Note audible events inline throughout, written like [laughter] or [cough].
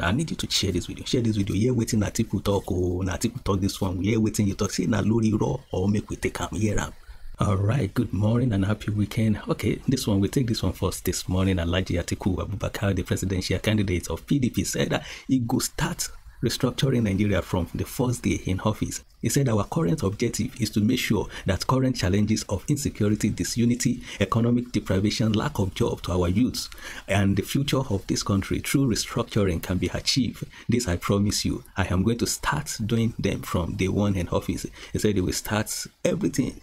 I need you to share this video. Share this video. Here waiting na people talk. Oh, na people talk this one. Here waiting you talk. See na lori raw or make we take am. here am. All right. Good morning and happy weekend. Okay, this one we take this one first. This morning, Alhaji Atiku Abubakar, the presidential candidate of PDP, said that he go start restructuring Nigeria from the first day in office. He said our current objective is to make sure that current challenges of insecurity, disunity, economic deprivation, lack of job to our youths and the future of this country through restructuring can be achieved. This I promise you. I am going to start doing them from day one in office. He said he will start everything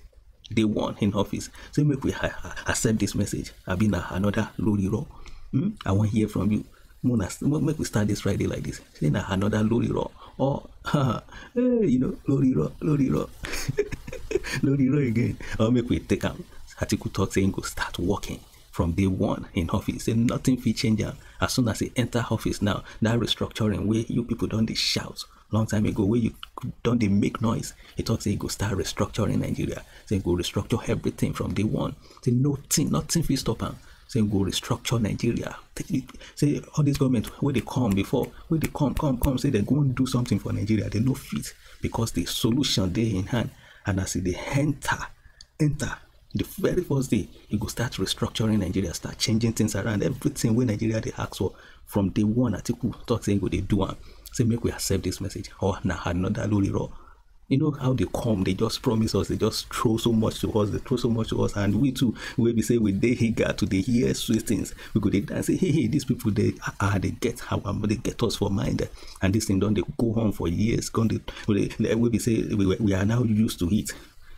day one in office. So make we accept this message. I've been another lorry Hmm? I want to hear from you. Mona, make we start this Friday like this. Say na another lorry roll. Or, uh, [laughs] you know, lorry roll, lorry roll. [laughs] lorry roll again. Or make we take him. Article talk saying go start working from day one in office. Say nothing fit change am. As soon as he enter office now, that restructuring where you people don dey shout long time ago where you don dey make noise. He talks say go start restructuring Nigeria. Say go restructure everything from day one. Say nothing, nothing fit stop him say go restructure nigeria say all these government where they come before where they come come come say they go do something for nigeria They no fit because the solution they in hand and as they enter enter the very first day you go start restructuring nigeria start changing things around everything wey nigeria they ask for from day one atiku tok say e go they do one. say make we accept this message or na anoda lulu law you know how they come, they just promise us, they just throw so much to us, they throw so much to us, and we too, we be say we they got to they hear sweet things. We go they dance, say, hey, hey, these people they ah, ah they get how they get us for mind, and this thing don't they go on for years. Gone they, they, we be say we, we are now used to it,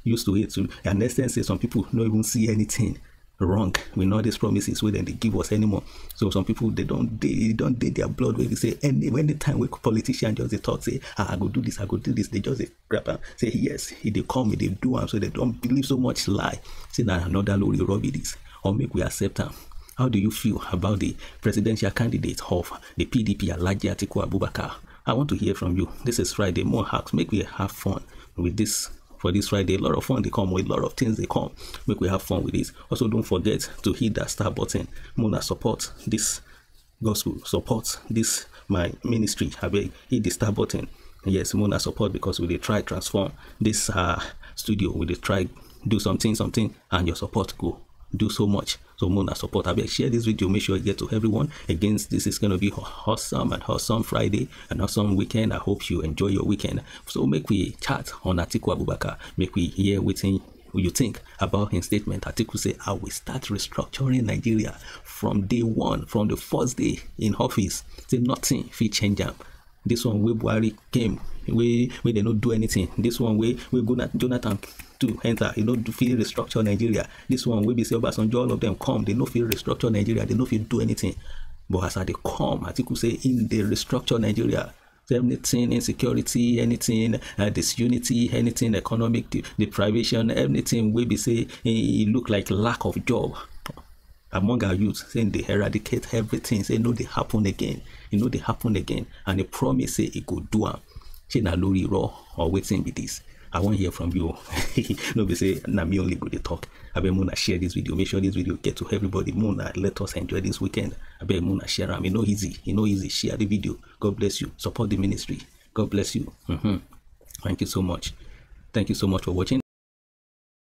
used to it. And next thing say some people not even see anything wrong. We know these promises we then they give us anymore. So some people they don't they, they don't date their blood when they say any when the time we politician just they talk say ah, I go do this I go do this they just they grab and say yes he they come they do and so they don't believe so much lie. Say that another will rob this or make we accept them. How do you feel about the presidential candidate of the PDP Alaji Atiku Abubakar? I want to hear from you. This is Friday. More hacks. Make we have fun with this for this Friday. A lot of fun they come with, a lot of things they come. Make we have fun with this. Also, don't forget to hit that star button. Mona support this gospel, support this my ministry. I beg hit the star button. Yes, Mona support because we they try transform this uh, studio. We they try do something, something, and your support go do so much someone and support be share this video make sure you get to everyone against this is gonna be awesome and awesome Friday and awesome weekend I hope you enjoy your weekend so make we chat on Atiku Abubakar make we hear within you think about his statement. Atiku say, I will start restructuring Nigeria from day one, from the first day in office. Say nothing fit change up. This one, Webuari came wey wey dem no do anything This one wey wey jonathan do enter e no fit restructure nigeria This one wey be say obasanjo all of dem come dey no fit restructure nigeria dey no fit do anything but as i dey come atiku say im dey restructure nigeria anything insecurity anything uh, disunity anything economic deprivation anything wey be say e look like lack of job among our youth say dey eradicate everything say e no dey happen again e no dey happen again and e promise say e go do am ṣé na lórí raw or wetin be this i wan hear from you [laughs] no be say na me only go dey talk abeg na share this video make sure this video get to everybody Mo na let us enjoy this weekend abeg na share am e no easy e no easy share the video god bless you support the ministry god bless you mm -hmm. thank you so much thank you so much for watching